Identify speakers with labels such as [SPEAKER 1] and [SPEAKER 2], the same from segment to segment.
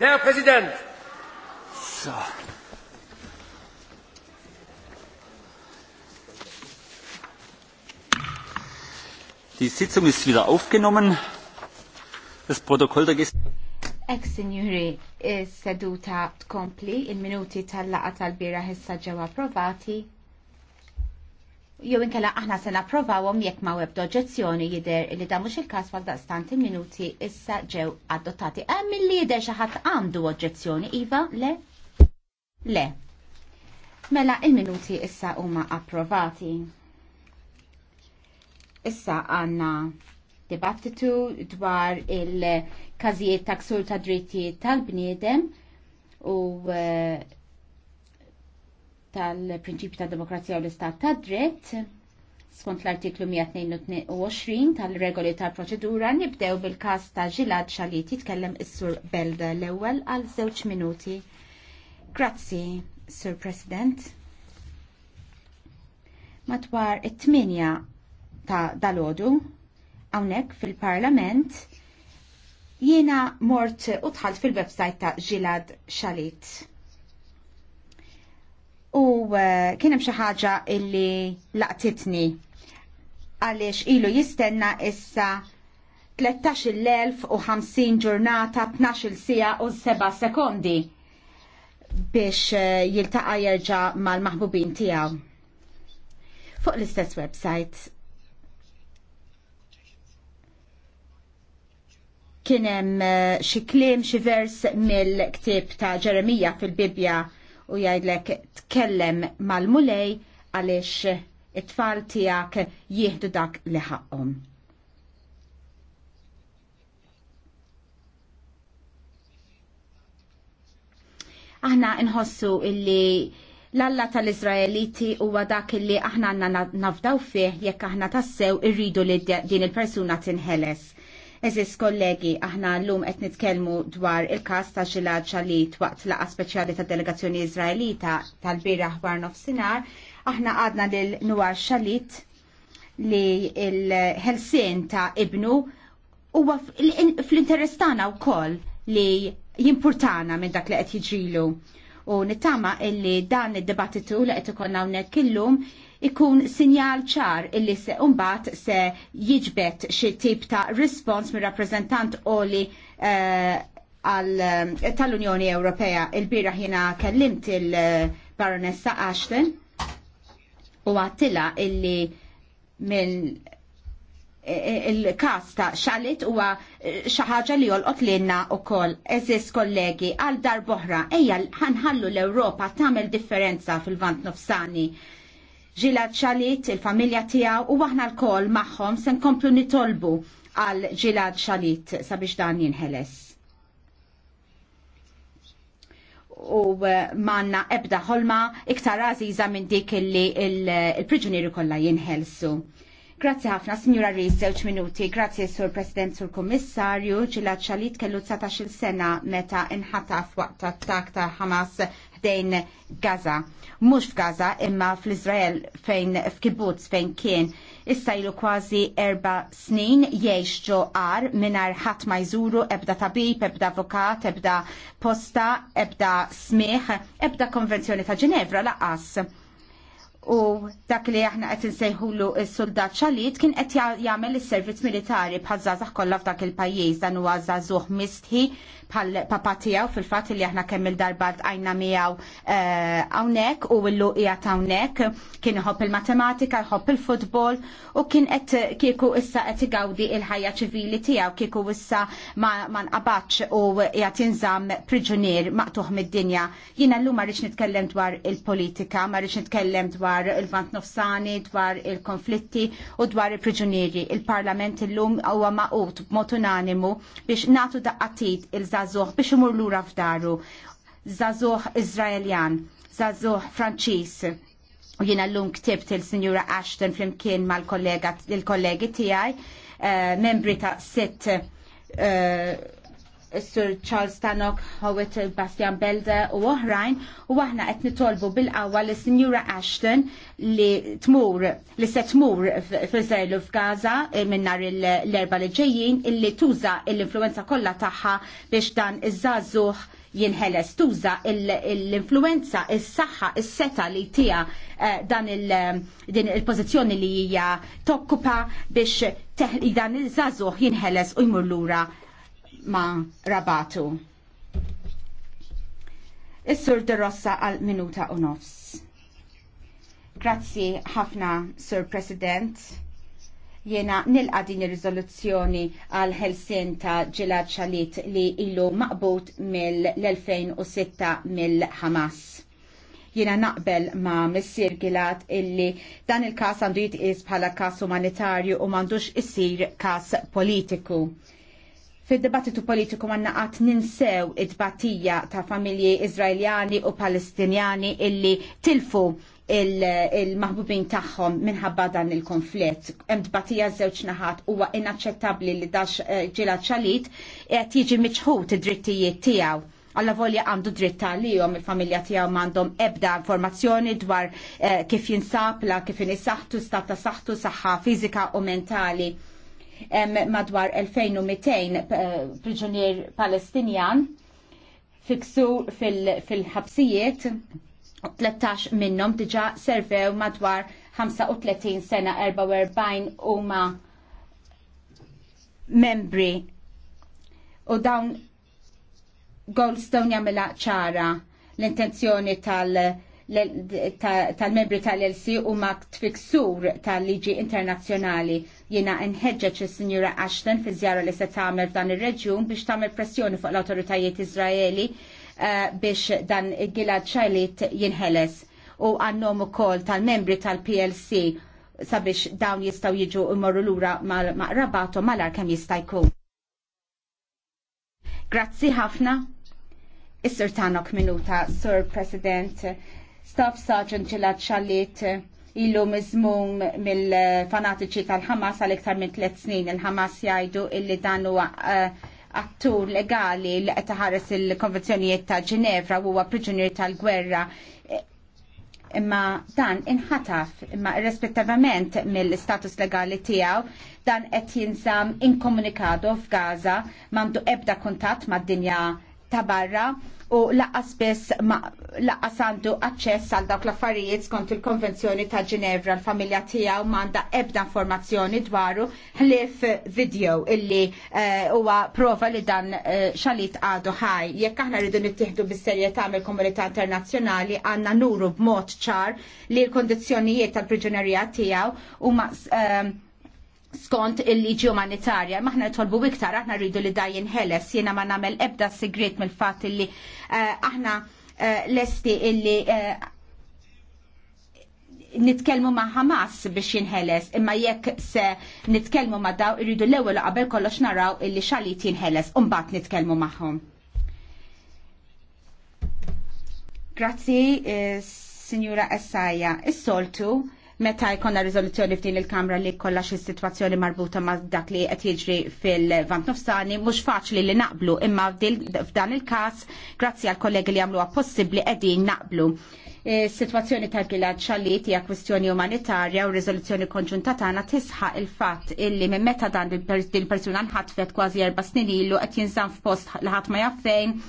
[SPEAKER 1] Der Präsident! So.
[SPEAKER 2] Die Sitzung ist wieder aufgenommen. Das Protokoll der Gäste.
[SPEAKER 3] Ek signori, seduta tkompli, il-minuti tal-laqa tal-bira hissa ġewa provati. Jow inkella aħna se napprovawhom jekk ma webd oġġezzjoni jidher li da mhux il-każ għal daqstant il-minuti issa ġew adottati. Hemm il-lider xi ħadd għandu oġġezzjoni iva le? Le. Mela il-minuti issa huma approvati. Issa għandna dibattitu dwar il-każijiet ta' ksur ta' drittijiet tal-bniedem u eh, tal-prinċipju ta' demokrazija u l-istat ta' dritt skont l-artiklu 122 tal-regoli tal-proċedura nibdew bil-kas ta' Gilad Xalit jitkellem is-sur Belda l-ewwel għal żewġ minuti. Grazzi, Sur President matwar it-tminja ta' dalodu hawnhekk fil-Parlament jiena mort u tħalt fil-website ta' Gilad Xalit u eh, kien hemm xi ħaġa illi laqtitni għaliex ilu jistenna issa 13.050 ġurnata 12 sija u 7 sekondi biex eh, jiltaqa jerġa mal-maħbubin tiegħu. Fuq l-istess website kien hemm eh, xi kliem xi vers mill-ktieb ta' Ġeremija fil-Bibja u jgħidlek tkellem mal-mulej għaliex it-tfal tijak jihdu dak li Aħna nħossu illi l-alla tal-Izraeliti huwa dak illi aħna għanna nafdaw fih jekk aħna tassew irridu li din il-persuna tinħeles Eżis kollegi, aħna l-lum qed nitkellmu dwar il-każ ta' Xilad Xalit waqt laqa speċjali ta' delegazzjoni Izraelita tal-bira ħbar nofsinhar, aħna għadna lil Nuar Xalit li l-ħelsien ta' ibnu huwa fl-interess tagħna wkoll li jimpurtana minn dak li qed jiġrilu. U nittama illi dan id-dibattitu li qed ikollna hawnhekk illum ikun sinjal ċar illi se umbat se jiġbet xi tip ta' respons mir rappresentant oli uh, tal-Unjoni Ewropea il-bira jina kellimt il-Baronessa Ashton u għattila illi mill eh, il-kas ta' xalit huwa xaħġa li jolqot lilna wkoll eżis kollegi għal dar boħra ejja ħanħallu l-Ewropa tagħmel differenza fil-vant nofsani Ġilad Xalit, il-familja tijaw u waħna l-kol maħħom sen komplu nitolbu għal Ġilad Xalit sabiex dan jinħeles. U eh, manna ebda ħolma iktar għaziza minn dik illi il-priġunieri kollha jinħelsu. Grazzi ħafna, Signora Rees, żewġ minuti. Grazzi, Sur President, Sur Kommissarju. Ġilad Xalit kellu 19 sena meta inħataf waqt attak ta' Hamas f'dejn Gaza. Mhux f'Gaza imma fl-Izrael fejn f'kibbutz fejn kien issa ilu kważi erba snin jgħix ġo għar minar ħadd ma jżuru ebda tabib, ebda avokat, ebda posta, ebda smigħ, ebda konvenzjoni ta' Ġenevra laqas u dak li aħna qed insejħulu s-soldat xalit kien qed jagħmel is-servizz militari bħal żgħażagħ kollha f'dak il-pajjiż dan huwa żagħżugħ mistħi bħal papa tiegħu fil-fatt li aħna kemm il-darba tqajna miegħu eh, hawnhekk u llu ta' hawnhekk kien iħobb il-matematika, jħobb il-futbol u kien qed kieku issa qed igawdi il-ħajja ċivili tiegħu kieku issa ma nqabatx u qiegħed jinżamm priġunier maqtuħ mid-dinja. Jiena llum ma rridx nitkellem dwar il-politika, ma rridx nitkellem dwar dwar il-vant nofsani, dwar il-konflitti u dwar il-priġunieri. Il-Parlament il-lum huwa maqut b'mod unanimu biex natu daqqatit il-żagħżugħ biex imur lura f'daru. Zazuħ Iżraeljan, Zazuħ Franċiż, u jiena l-lum ktibt il-Sinjura Ashton flimkien mal-kollegi tiegħi, eh, membri ta' sitt eh, Sir Charles Tannock, Howard Bastian Belda u oħrajn u aħna qed nitolbu bil-qawwa li Sinjura Ashton li tmur li se tmur f'Iżrael u f'Gaza eh, minn nhar l-erba li ġejjin illi tuża l-influenza kollha tagħha biex dan iż-żagħżugħ jinħeles tuża l-influenza, is-saħħa, is-seta li tija eh, dan il-pożizzjoni li hija tokkupa biex dan iż żagħżugħ jinħeles u jmur lura ma' Rabatu. Is-Sur De Rossa għal minuta u nofs. Grazzi ħafna, Sur President. Jena nilqa din ir-riżoluzzjoni għal ħelsien ta' Ġilad Xalit li ilu maqbut mill-2006 mill-Hamas. Jena naqbel ma' Messir Gilad illi dan il-kas għandu jitqis bħala kas umanitarju u mandux isir kas politiku. Fid-dibattitu politiku għanna għat ninsew id-batija ta' familji Izraeljani u Palestinjani illi tilfu il-maħbubin tagħhom minħabba dan il-konflitt. Hemm tbatija żewġ naħat huwa inaċċettabbli li dax eh, ġila ċalit qed jiġi miċħut id-drittijiet tiegħu. Alla volja għandu dritt għalihom il-familja tiegħu m'għandhom ebda informazzjoni dwar eh, kif jinsab kif inisaħħtu, stat ta' saħħtu, saħħa fiżika u mentali madwar 2200 eh, priġunier palestinjan fiksu fil-ħabsijiet, fil 13 minnom diġa servew madwar 35 sena 44 huma membri u dawn Goldstone jamela ċara l-intenzjoni tal- tal-membri tal-LC u ma tfiksur tal-liġi internazzjonali jina nħedġeċ il-Sinjura Ashton fi zjaru li se tagħmel f'dan ir-reġjun biex tagħmel pressjoni fuq l-awtoritajiet Iżraeli eh, biex dan Gilad Shalit jinħeles u għannom u kol tal-membri tal-PLC sabiex dawn jistaw jiġu u lura mal ura maqrabato malar kem jistajku. Grazzi ħafna. is sirtanok Tanok minuta, Sir President, Staff Sergeant ġilad xallit illu mizmum mill-fanatiċi tal ħamas għal iktar minn tliet snin. il ħamas jajdu illi dan huwa eh, attur legali li qed taħares il-konvenzjonijiet ta' u huwa priġunier tal-gwerra imma dan inħataf imma rispettivament mill-status legali tiegħu dan qed jinżam inkomunikado f'Gaza m'għandu ebda kuntatt mad-dinja ta' barra u laqqas biss laqqas għandu aċċess għal dawk l-affarijiet skont il-Konvenzjoni ta' Ginevra l-familja tiegħu m'għandha ebda informazzjoni dwaru ħlief video illi eh, huwa uh, prova li dan uh, xalit għadu ħaj. Jekk aħna rridu nittieħdu bis-serjetà mill-komunità internazzjonali għandna nuru b'mod ċar li l-kondizzjonijiet tal-priġunerija tiegħu huma uh, skont il-liġi umanitarja. Maħna jtolbu iktar, aħna rridu li dajin ħeles, jena ma namel ebda segret mill fat illi eh, aħna eh, lesti illi eh, nitkelmu ma' Hamas biex jinħeles, imma jekk se nitkelmu ma' daw irridu l-ewwel qabel kollox naraw illi xalit jinħeles, mbagħad nitkelmu magħhom. Grazzi, Signora Essaja. Is-soltu, meta jkollna riżoluzzjoni f'din il-Kamra li kollha xi sitwazzjoni marbuta ma' dak li qed jiġri fil-Vant Nofsani mhux faċli li naqblu imma f'dan il-każ grazzi għal kollegi li għamluha possibbli qegħdin naqblu. Is-sitwazzjoni e, tal-Gilad Xalit hija kwistjoni umanitarja u riżoluzzjoni konġunta tagħna tisħaq il-fatt illi minn meta dan il-persuna nħatfet kważi erba' snin ilu qed jinżamm f'post li ħadd ma jaffejn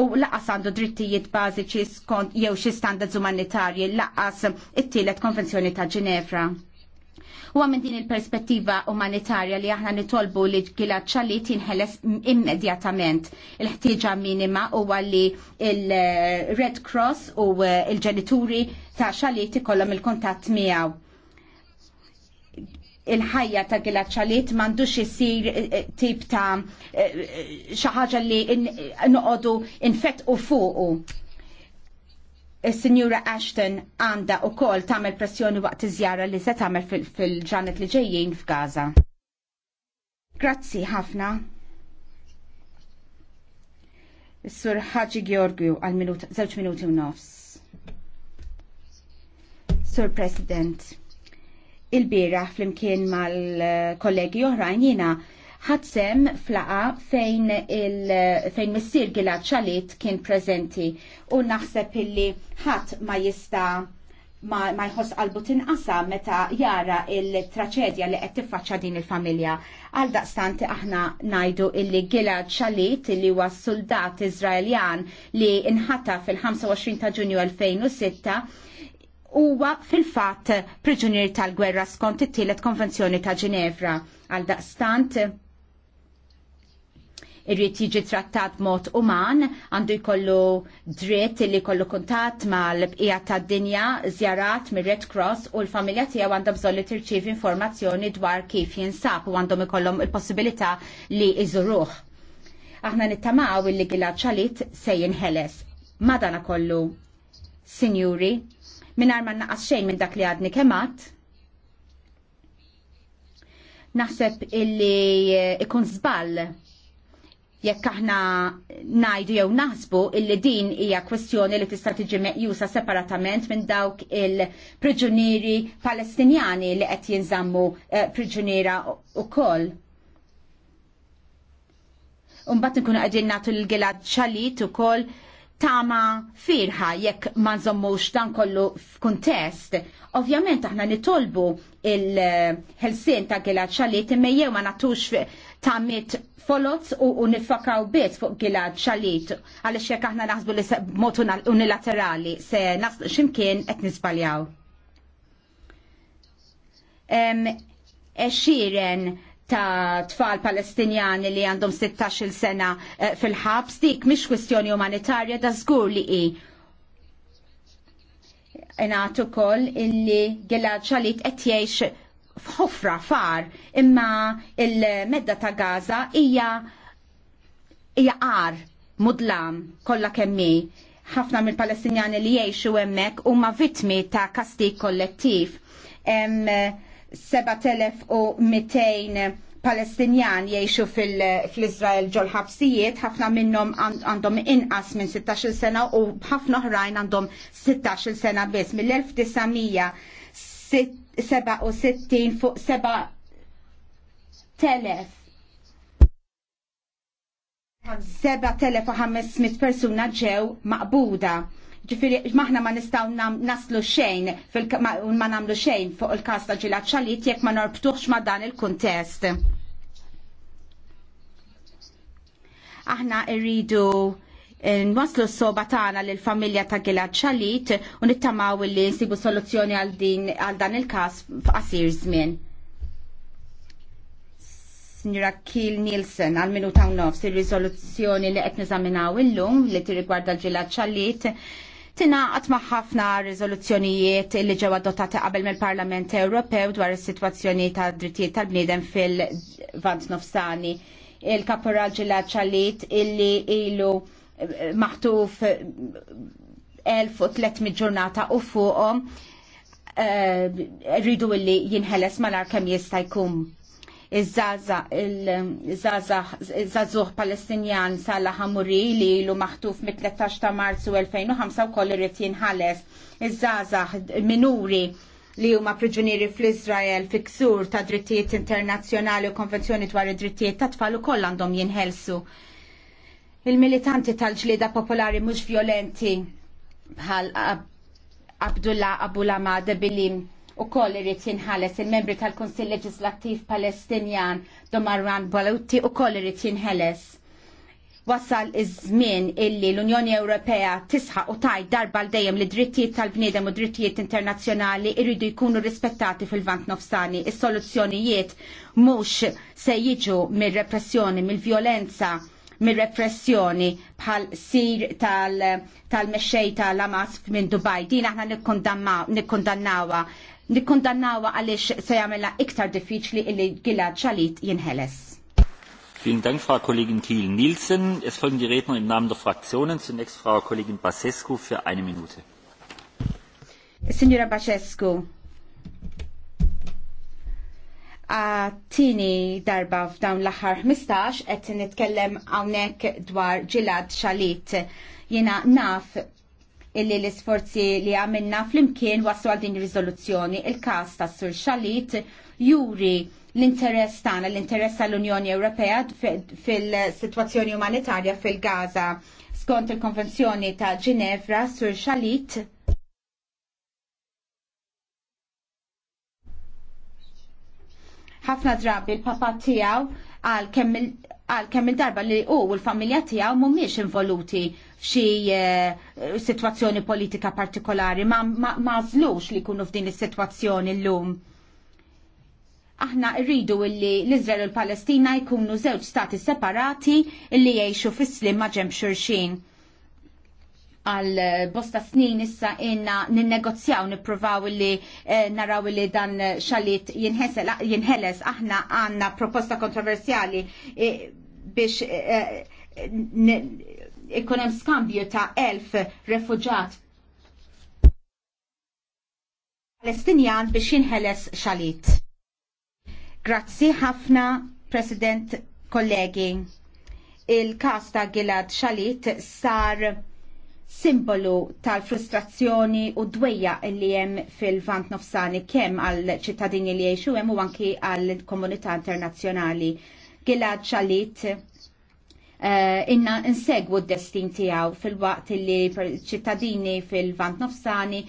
[SPEAKER 3] u laqas għandu drittijiet bażiċi skont jew xi standards umanitarji laqas it-tielet konvenzjoni ta' Ġinevra. Huwa minn din il-perspettiva umanitarja li aħna nitolbu li Gilad ċalit jinħeles immedjatament. Il-ħtieġa minima huwa li il-Red Cross u il-ġenituri ta' Shalit ikollhom il-kuntatt miegħu il-ħajja ta' Gilad Shalit m'għandux isir eh, eh, tip ta' eh, xi ħaġa li noqogħdu u fuqu. Is-Sinjura Ashton għandha wkoll tagħmel pressjoni waqt iżjara li se tagħmel fil-ġanet li ġejjin f'Gaza. Grazzi ħafna. Is-Sur Ħaġi Georgju għal minut, żewġ minuti u nofs. Sur President, il-bira fl-imkien mal-kollegi oħrajn jina ħadsem flaqa fejn il fejn Missir Gilad Xalit kien prezenti u naħseb illi ħadd ma jista ma, ma jħoss qalbu tinqasa meta jara il-traċedja li qed tiffaċċa din il-familja. Għal daqstanti aħna najdu illi Gilad Xalit illi huwa soldat Izraeljan li inħata fil-25 ta' Ġunju 2006 huwa fil-fatt priġunier tal-gwerra skont it-tielet konvenzjoni ta' Ġinevra għal daqstant irrid jiġi trattat mod uman, għandu jkollu dritt li jkollu kuntatt mal-bqija tad-dinja, żjarat mir-Red Cross u l-familja tiegħu għandha bżonn li tirċiv informazzjoni dwar kif jinsab u għandhom ikollhom il-possibilità li jżuruh. Aħna nittamaw il-li Gilad Xalit se jinħeles. Madana kollu, Sinjuri, mingħajr arman naqas xejn minn dak li għadni kemat. Naħseb illi ikun żball jekk aħna najdu jew naħsbu illi din hija kwestjoni li tista' tiġi meqjusa separatament minn dawk il-priġunieri Palestinjani li qed jinżammu eh, priġuniera ukoll. Umbat nkunu qegħdin nagħtu l-gilad xalit ukoll tama firħa jekk ma nżommux dan kollu f'kuntest. Ovvjament aħna nitolbu il ħelsien ta' Gilad Xalit jew ma natux tamit folots u, u nifakaw bit fuq Gilad Xalit għaliex jekk aħna naħsbu li motu unilaterali se naslu ximkien qed nisbaljaw. Eċiren ta' tfal palestinjani li għandhom 16 sena eh, fil-ħabs, dik mish kwistjoni umanitarja da' zgur li i. Enatu kol illi Gilad ċalit qed jgħix f'ħofra far imma il-medda ta' Gaza hija hija qar mudlam kollha kemmi ħafna mill-Palestinjani li jgħixu hemmhekk huma vittmi ta' kastik kollettiv. Em, 7200 Palestinjan jiexu fil-Izrael ġol ħabsijiet, ħafna minnhom għandhom inqas minn 16 sena u ħafna oħrajn għandhom 16 sena biss. Mill-1967 fuq 7000 7500 persuna ġew maqbuda ġifiri maħna ma nistaw naslu xejn, ma namlu xejn fuq il-kas ta' ġilat xalit jekk ma norbtuħx ma dan il-kontest. Aħna irridu eh, nwaslu s-soba tagħna l familja ta' ġilat Xalit u nittamaw li nsibu soluzzjoni għal din għal dan il-każ f'qasir żmien. Signora Kiel Nielsen għal minuta u nofs ir-riżoluzzjoni li qed il illum li tirrigwarda l ġilat Xalit tingħaqad ma' ħafna riżoluzzjonijiet li ġew adottati qabel mill-Parlament Ewropew dwar is-sitwazzjoni ta' drittijiet tal-bniedem fil-Vant Nofsani. Il-Kaporal Ġilad Ċalit illi ilu maħtuf 1300 ġurnata u fuqhom eh, rridu illi jinħeles mal-arkam jista' jkun iż-żazuħ Palestinjan Sala Hamuri li ilu maħtuf mit-13 ta' Marzu 2005 u koll irrid jinħales iż-żazax minuri li huma priġunieri fl-Iżrael fi ksur ta' drittijiet internazzjonali u konvenzjoni dwar id-drittijiet ta' tfal ukoll għandhom jinħelsu. Il-militanti tal-ġlieda popolari mhux violenti bħal Abdullah Abulama Debilim u koll irrit jinħales il-membri tal-Konsil Leġislattiv Palestinjan Domarran Baluti u koll irrit jinħeles. Wasal iż-żmien illi l-Unjoni Ewropea tisħaq u taj darba l dejjem li drittijiet tal-bniedem u drittijiet internazzjonali irridu jkunu rispettati fil-vant nofsani. Is-soluzzjonijiet mhux se jiġu mir-repressjoni, mill-vjolenza, mir-repressjoni bħal sir tal-mexxej tal-Amas minn Dubai. Din aħna nikkondannawa nikkondannawa għalix se jagħmilha iktar diffiċli illi Gilad Shalit jinħeles.
[SPEAKER 2] Vielen Dank, Frau Kollegin Thiel Nielsen. Es folgen die Redner im Namen der Fraktionen. Zunächst Frau Kollegin Basescu für eine Minute.
[SPEAKER 3] Signora Basescu, a tini darba f'dawn l-aħħar 15 qed nitkellem hawnhekk dwar ġilad xalit. Jiena naf illi l-isforzi li għamilna fl-imkien waslu għal din riżoluzzjoni il-kas ta' Sur Xalit juri l-interess tagħna, l-interess tal-Unjoni Ewropea fil-sitwazzjoni umanitarja fil-Gaza skont il-Konvenzjoni ta' Ginevra Sur Xalit ħafna drabi l-papa tiegħu għal kemm għal kemm il-darba li u l-familja tiegħu mhumiex involuti f'xi eh, sitwazzjoni politika partikolari ma mażlux li jkunu f'din is-sitwazzjoni llum. Aħna rridu illi l-Iżrael u l-Palestina jkunu żewġ stati separati illi jgħixu fis-slim ma' ġemx xurxin għal bosta snin issa inna ninnegozjaw nippruvaw li eh, naraw li dan xalit jinħeles aħna għanna proposta kontroversjali eh, biex eh, ikunem skambju ta' elf refugġat Palestinjan biex jinħeles xalit. Grazzi ħafna, President kollegi. Il-kas ta' Gilad Xalit sar simbolu tal-frustrazzjoni u dwejja li jem fil-vant nofsani kem għal ċittadini li jiexu jem u anki għal komunità internazjonali. Gilad ċalit uh, eh, inna insegwu d-destin tijaw fil-waqt li ċittadini fil-vant nofsani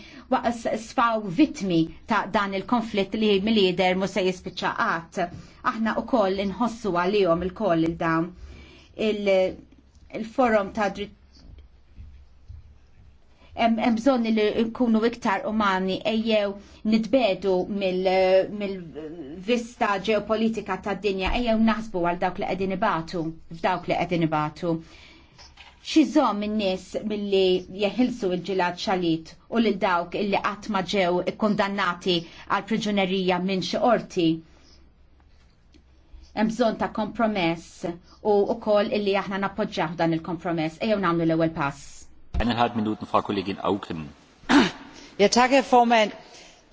[SPEAKER 3] sfaw vitmi ta' dan il-konflitt li mill-lider musa jispiċaqat. Aħna u koll inħossu għal-jom il-koll il-dawn. Il-forum ta' dritt hemm bżonn li nkunu iktar umani ejjew nitbedu mill-vista mil ġeopolitika tad-dinja ejjew naħsbu għal dawk li qegħdin ibatu f'dawk li qegħdin ibatu. Xi żomm in-nies milli jeħilsu l-ġilad xalit u lil dawk illi qatt ma ġew ikkundannati għal priġunerija minn xi qorti. Hemm bżonn ta' kompromess u wkoll illi aħna nappoġġjaw dan il-kompromess ejjew nagħmlu l-ewwel pass
[SPEAKER 2] herr
[SPEAKER 3] formand.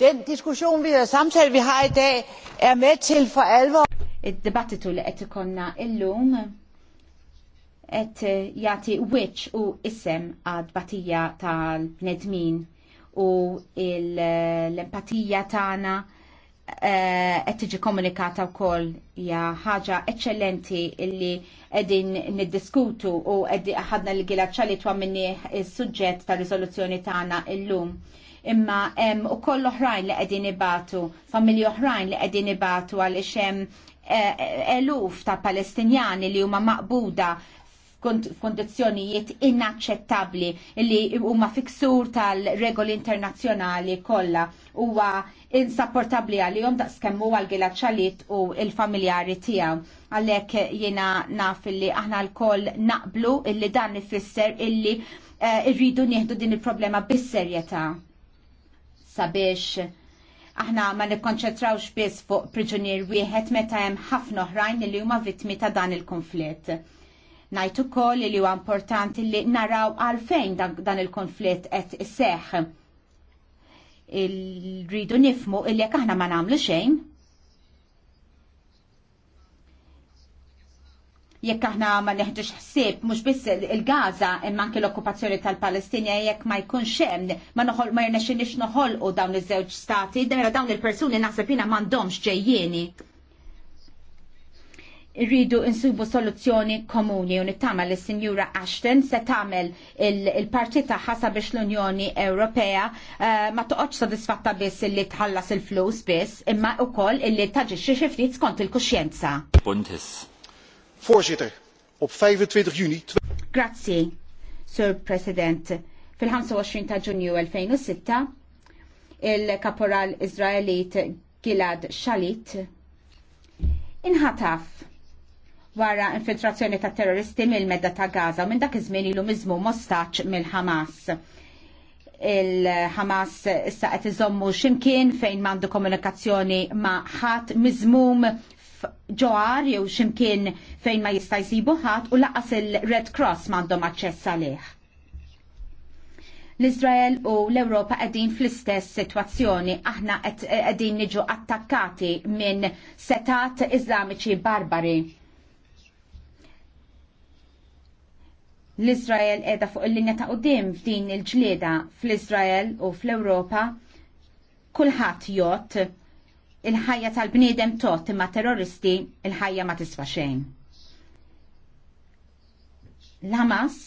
[SPEAKER 3] Den diskussion vi og samtale vi har i dag er med til for alvor. Id-dibattitu li qed ikonna illum qed eh, jagħti wiċċ u isem għad batija tal-bnedmin u eh, l-empatija tagħna Eh, qed tiġi komunikata wkoll hija ħaġa eċċellenti illi qegħdin niddiskutu u ħadna li gila ċalitwa minni s suġġett ta' riżoluzzjoni tagħna llum. Imma hemm ukoll oħrajn li qegħdin ibatu, familji oħrajn li qegħdin ibatu għaliex hemm eh, eluf ta' Palestinjani li huma maqbuda f'kondizzjonijiet inaċċettabbli li huma fiksur tal-regoli internazzjonali kollha huwa insapportabli għalihom daqskemm huwa l-gilaċ u l-familjari tiegħu. Għalhekk jiena naf li aħna l-koll naqblu illi dan ifisser illi eh, rridu nieħdu din il-problema bis-serjetà sabiex aħna ma nikkonċentrawx biss fuq priġunier wieħed meta hemm ħafna oħrajn li huma vittmi ta' dan il-konflitt. Najt ukoll li huwa importanti li naraw għalfejn dan, dan il-konflitt qed iseħħ il-ridu nifmu il jekk aħna ma nagħmlu xejn. Jekk aħna ma neħdux ħsieb mhux biss il-Gaza imma anke l-okkupazzjoni tal-Palestinja jekk ma jkunx hemm ma noħol ma jirnexxinix noħolqu dawn iż-żewġ stati, dawn il-persuni naħseb jiena m'għandhomx ġejjieni rridu insibu soluzzjoni komuni u nittama li sinjura Ashton se tagħmel il-partita ħasa biex l-Unjoni Ewropea eh, ma toqgħodx sodisfatta biss illi tħallas il-flus biss imma wkoll illi taġixxi xi ftit skont il-kuxjenza.
[SPEAKER 2] Voorzitter, op 25 Juni. Grazzi,
[SPEAKER 3] Sir President. Fil-25 ta' Ġunju 2006 il-Kaporal Izraelit Gilad Shalit inħataf wara infiltrazzjoni ta' terroristi mill-medda ta' Gaza u minn dak iż-żmien ilu miżmu mostaċ mill-Ħamas. Il-Ħamas issa qed iżommu x'imkien fejn m'għandu komunikazzjoni ma' ħadd miżmum ġoar jew x'imkien fejn ma jista' jsibu ħadd u laqas il-Red Cross m'għandhom aċċess għalih l-Izrael u l ewropa qegħdin fl-istess sitwazzjoni. Aħna qegħdin niġu attakkati minn setat iżlamiċi barbari L-Izrael edha fuq il-linja ta' qudiem f'din il-ġlieda fl-Izrael u fl-Ewropa kulħadd jott il-ħajja tal-bniedem tot imma terroristi il-ħajja ma tiswa xejn. L-Hamas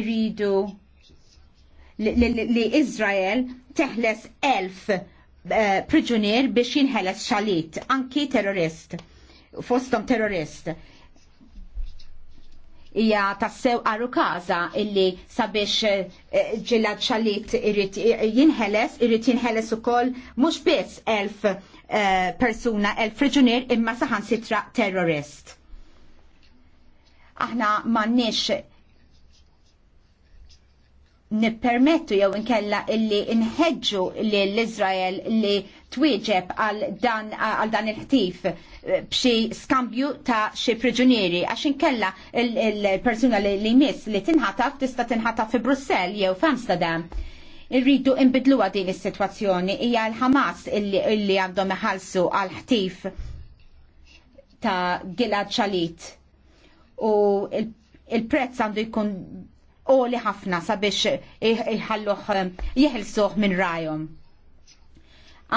[SPEAKER 3] irridu li Izrael teħles elf eh, priġunier biex jinħeles xalit, anki terrorist, fostom terrorist hija tassew għaru kaza illi sabiex eh, ġilad ċalit irrit eh, jinħeles, irrit jinħeles u koll mux bis elf eh, persuna, elf prigionier imma saħan sitra terrorist. Aħna mannix nippermettu jew inkella illi nħeġġu lill izrael li twieġeb għal dan għal dan il-ħtif eh, b'xi skambju ta' xi priġunieri għax inkella il-persuna li jmiss li tinħataf tista' tinħataf fi Brussell jew f'Amsterdam. Irridu inbidluha din is-sitwazzjoni hija l-Ħamas illi għandhom iħallsu għal ħtif ta' Gilad Xalit. U il-prezz għandu jkun u li ħafna sabiex jħalluħ eh, jihilsuħ minn rajom.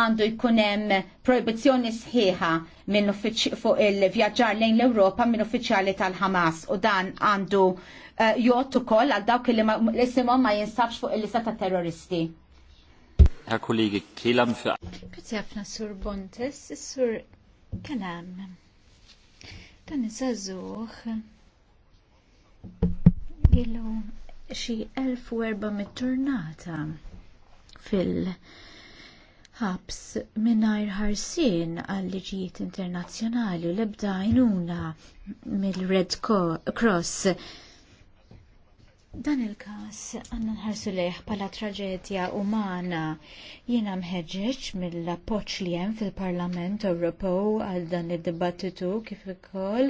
[SPEAKER 3] Għandu jkunem proibizjoni sħiħa minn fuq il-vjaġġar lejn l-Europa minn uffiċjali tal-Hamas u dan għandu uh, ukoll koll għal dawk li l-isimom ma jinsabx fuq il-lista ta' terroristi.
[SPEAKER 2] Herr kollegi, kilam fi.
[SPEAKER 1] Grazie għafna sur Bontes, sur kalam. Dan iżazzuħ ilu xi 1400 ġurnata fil- ħabs mingħajr ħarsien għal liġijiet internazzjonali u l-ebda għajnuna mill-Red Cross Dan il-kas għanna nħarsu leħ pala traġedja umana jiena mħeġġeġ mill-appoċ li hemm fil-Parlament Ewropew għal dan id-dibattitu kif ukoll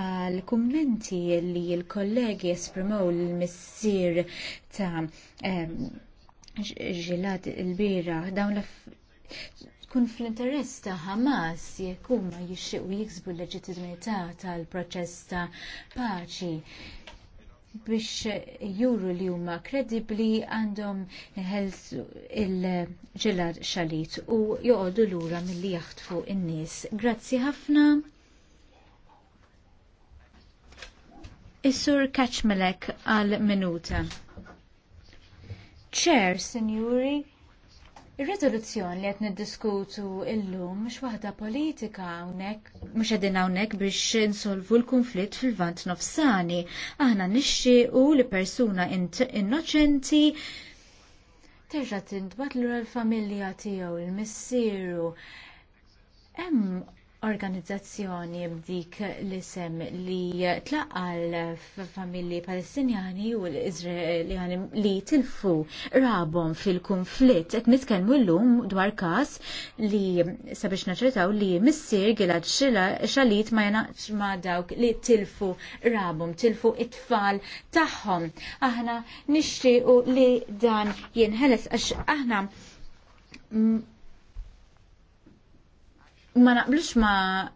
[SPEAKER 1] għal kummenti li l-kollegi esprimew l-missier ta' ġilat il-bira dawn kun fl-interess ta' Hamas jekk huma jixxiequ jiksbu l-leġittimità tal-proċess ta' paċi biex juru li huma kredibbli għandhom il-ġelad xalit u joqogħdu lura milli jaħtfu in-nies. Grazzi ħafna. Is-sur Kaċmelek għal minuta. Chair, Signori, ir rezoluzzjoni li qed niddiskutu llum mhux waħda politika hawnhekk mhux qegħdin hawnhekk biex insolvu l-kunflitt fil-vant nofsani. Aħna nixxiequ li persuna innoċenti terġa' tintbat lura l-familja tiegħu il-missieru. Hemm organizzazzjoni b'dik l-isem li tlaqqal familji palestinjani u l-Izraeljani li tilfu rabom fil-konflitt. qed nitkellmu lum dwar każ li sabiex naċertaw li missir Gilad Xalit ma jenaċ ma dawk li tilfu rabom, tilfu it-tfal tagħhom. Aħna nixtiequ li dan jenħeles għax aħna ma naqblux ma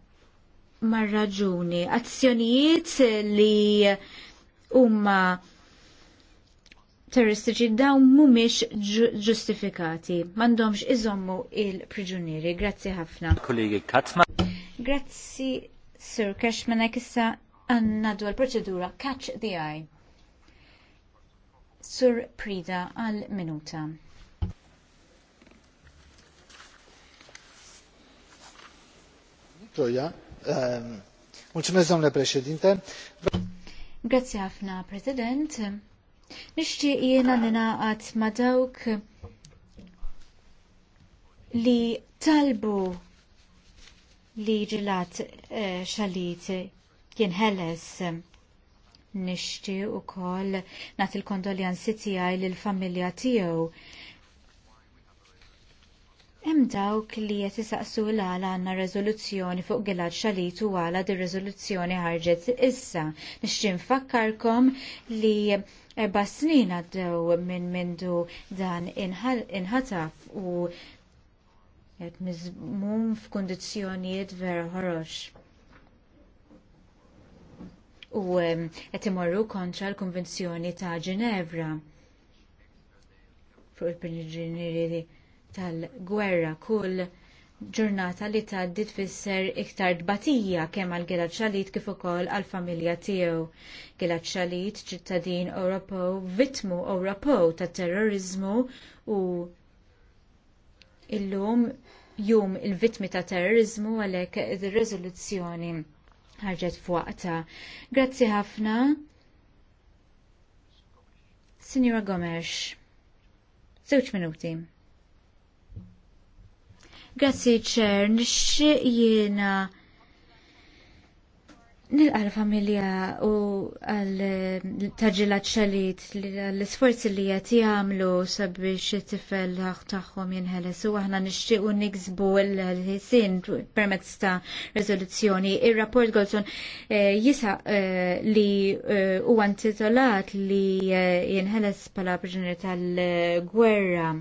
[SPEAKER 1] ma raġuni azzjonijiet li huma terroristiċi dawn mhumiex ġustifikati. M'għandhomx iżommu il-priġunieri. Grazzi ħafna.
[SPEAKER 2] Kollegi Katma.
[SPEAKER 1] Grazzi Sir Cashman issa għanna dwar proċedura Catch the Eye. Sur Prida għal minuta.
[SPEAKER 2] Ehm,
[SPEAKER 1] Grazie ħafna, President. Nixtieq jiena li naqat ma' dawk li talbu li ġilat eh, xalit kien jinħeles nixtieq ukoll nagħti il kondoljanzi tiegħi lill-familja tiegħu Hemm dawk li qed isaqsu l għandna riżoluzzjoni fuq Gilad Xalit u għala di riżoluzzjoni ħarġet issa. Nixtri nfakkarkom li erba snin għaddew minn mindu dan inħataf u qed miżmum f'kundizzjonijiet vera ħorox. U qed imorru kontra l-Konvenzjoni ta' Ginevra fuq il-Pinġinieri tal-gwerra kull ġurnata li tgħaddi tfisser iktar dbatija kemm għal Gilad Xalit kif ukoll għall familja tiegħu. Gilad Xalit ċittadin Ewropew, vittmu Ewropew tat terrorizmu u illum jum il-vittmi ta' terrorizmu għalhekk ir-riżoluzzjoni ħarġet f'waqta. Grazzi ħafna. Signora Gomes, żewġ minuti. Grazzi ċer, nixxieq jiena nilqa l-familja u għal-taġilat ċalit l-sforzi li qed jagħmlu sabiex t tifel tagħhom jinħeles u aħna nixtiequ niksbu l-ħisin permezz ta' rezoluzzjoni. Ir-rapport Golson eh, jisa eh, li huwa eh, intitolat li jinħeles bħala priġunier tal-gwerra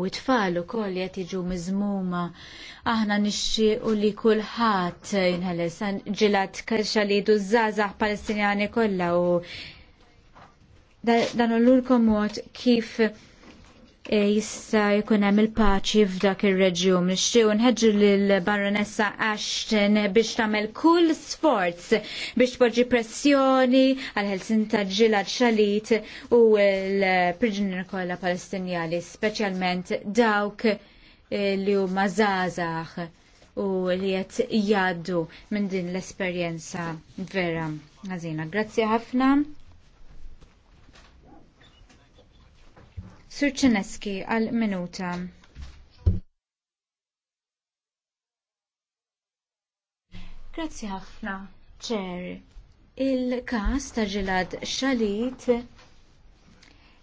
[SPEAKER 1] u t-tfal ukoll qed jiġu miżmuma. Aħna u li kulħadd jinħeles ġilat kaxxa li jdu zazax Palestinjani kollha u dan l mod kif E, jista jkun hemm il-paċi f'dak ir-reġjun. Nixtiew nħeġġu lil baronessa Ashton biex tagħmel kull sforz biex tpoġġi pressjoni għal ħelsin ta' ġilad xalit u l-priġunier kollha Palestinjali, speċjalment dawk e, li huma żgħażagħ u li qed jgħaddu minn din l-esperjenza vera. Għazina, grazzi ħafna. Sur Cineski għal minuta. Grazzi ħafna, ċer. Il-kas ta' ġilad xalit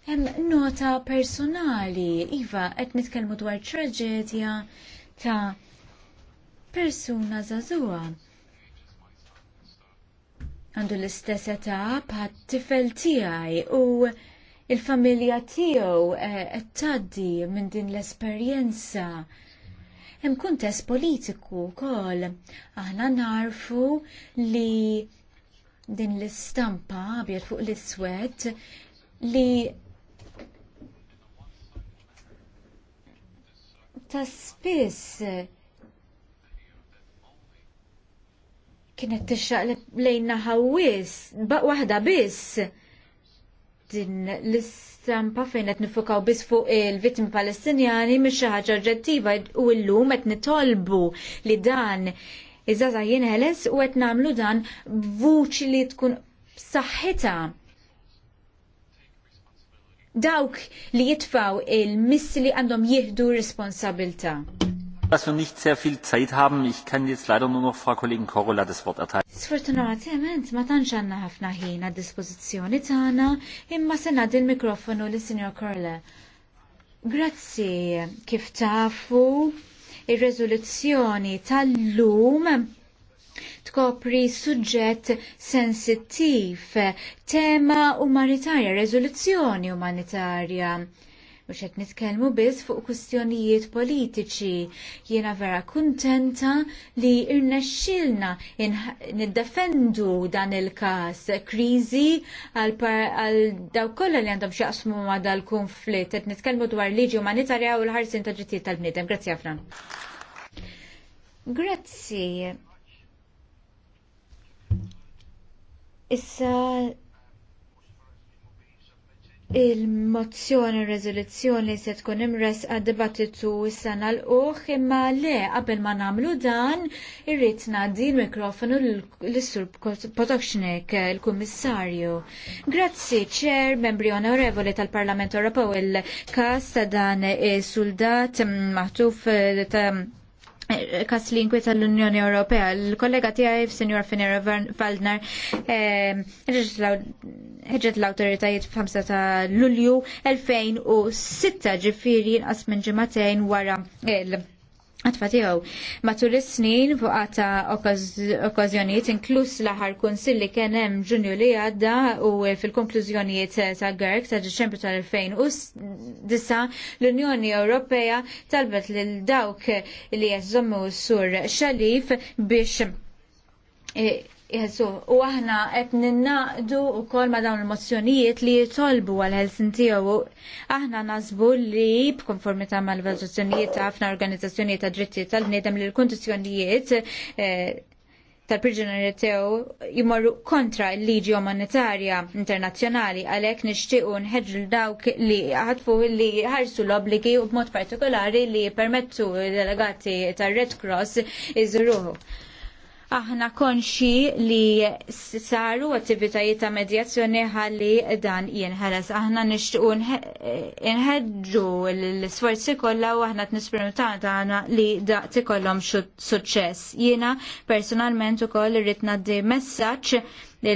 [SPEAKER 1] hemm nota personali, iva qed nitkellmu dwar traġedja ta' persuna zazua. Għandu l-istess età bħat tifel tiegħi u il-familja tiegħu eh, qed tgħaddi minn din l-esperjenza. Hemm kuntest politiku wkoll. Aħna narfu li din l-istampa abjad fuq l-iswed li ta' spiss kienet tixraq lejn naħawis, baq waħda biss din l-istampa fejn qed nifukaw biss fuq il-vittmi Palestinjani mhix xi ħaġa oġġettiva u llum qed nitolbu li dan iż-żaza jinħeles u qed nagħmlu dan vuċi li tkun b'saħħitha. Dawk li jitfaw il-missi li għandhom jieħdu responsabilta.
[SPEAKER 2] Dass wir nicht sehr viel Zeit haben, ich kann jetzt leider nur noch Frau Kollegin Korola das Wort erteilen.
[SPEAKER 1] Sfortunatament, ma tantx għandna ħafna ħin għad dispożizzjoni tagħna, imma se ngħaddi l-mikrofonu lis Sinjor Korola. Grazzi, kif tafu, ir-reżoluzzjoni tal-lum tkopri suġġett sensittiv, tema umanitarja, rezoluzzjoni umanitarja mux qed nitkellmu biss fuq kwistjonijiet politiċi. Jiena vera kuntenta li irnexxilna niddefendu dan il-każ kriżi għal dawk kolla li għandhom x'jaqsmu ma' dal-konflitt qed nitkellmu dwar liġi umanitarja u l-ħarsin ta' ġittijiet tal bnidem Grazzi ħafna. Grazzi. Issa Il-mozzjoni rezoluzzjoni se tkun imres għad dibattitu s sena l-uħ imma le qabel ma namlu dan irrit nadi l-mikrofonu l-sur Potoxnek, il-Kummissarju. Grazzi, ċer, membri onorevoli tal-Parlament Ewropew il-kas ta' dan soldat maħtuf ta' kas li tal l-Unjoni Ewropea. L-kollega tiegħi f'Sinjor Finera Valdnar ħeġġet l-autoritajiet f'5 ta' Lulju 2006 ġifieri inqas minn ġimagħtejn wara il- Għatfa tiegħu matul is-snin fuqata okkażjonijiet inkluż l-aħħar kunsill li kien hemm Ġunju li għadda u fil-konklużjonijiet ta' Gerg ta' Diċembru tal-2009 l-Unjoni Ewropea talbet lil dawk li jeżommu s-sur xalif biex eh, Jesu, u aħna qed ninnaqdu wkoll ma' dawn il-mozzjonijiet li jitolbu għal Helsin tiegħu. Aħna nasbu li b'konformità mal-valutazzjonijiet ta' ħafna organizzazzjonijiet ta' drittijiet tal-bniedem li l-kundizzjonijiet eh, tal-priġunieri tiegħu jmorru kontra l-liġi umanitarja internazzjonali għalhekk nixtiequ nħeġġu dawk li ħadfu li ħarsu l-obbligi u b'mod partikolari li permettu delegati tar-Red Cross iżuruhu. Aħna konxi li saru attivitajiet ta' medjazzjoni ħalli dan jenħeles. Aħna nixtiequ nħedġu l-sforzi kollha u aħna t-nispermutan tagħna li da tikollhom suċċess. Jiena personalment ukoll irrid ngħaddi messaġġ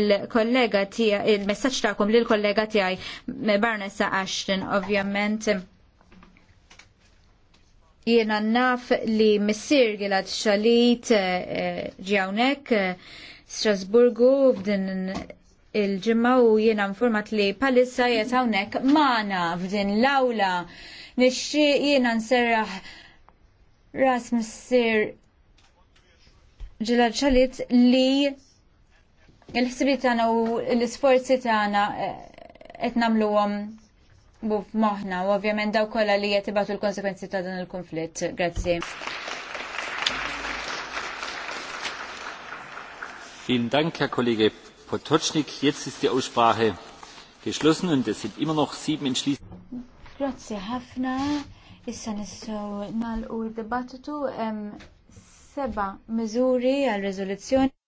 [SPEAKER 1] il-kollega tiegħi il-messaġġ tagħkom lil kollega tiegħi Barnessa Ashton ovvjament Jiena naf li missir Gilad Xalit eh, eh, ġjawnek eh, Strasburgu f'din il-ġimma u jiena informat li palissa jiet hawnhekk mana f'din l-awla nixxi jiena nserraħ ras missir Gilad Xalit li il ħsibiet tagħna u l-isforzi tagħna qed nagħmluhom buf moħna u ovvjament daw kolla li jettibatu l-konsekwenzi ta' dan il-konflitt. Grazie.
[SPEAKER 2] Vielen Dank, Herr Kollege Potocznik. Jetzt ist die Aussprache geschlossen und es sind immer noch sieben Entschließungen.
[SPEAKER 1] Grazie, Hafna. Issa nissu nal u dibattitu seba' miżuri għal-rezoluzzjoni.